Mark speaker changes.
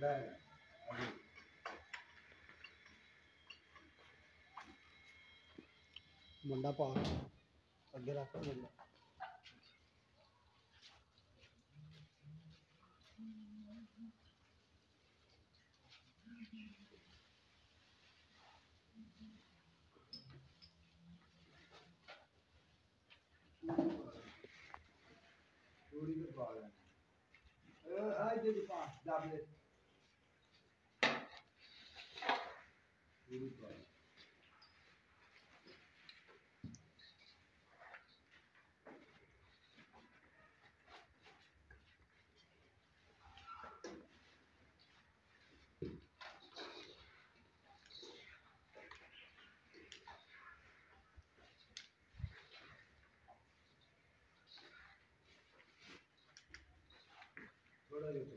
Speaker 1: bag.
Speaker 2: मुंडा पाओ अगे रखो मुंडा
Speaker 3: Thank you.
Speaker 4: শুরু করে
Speaker 5: Gracias.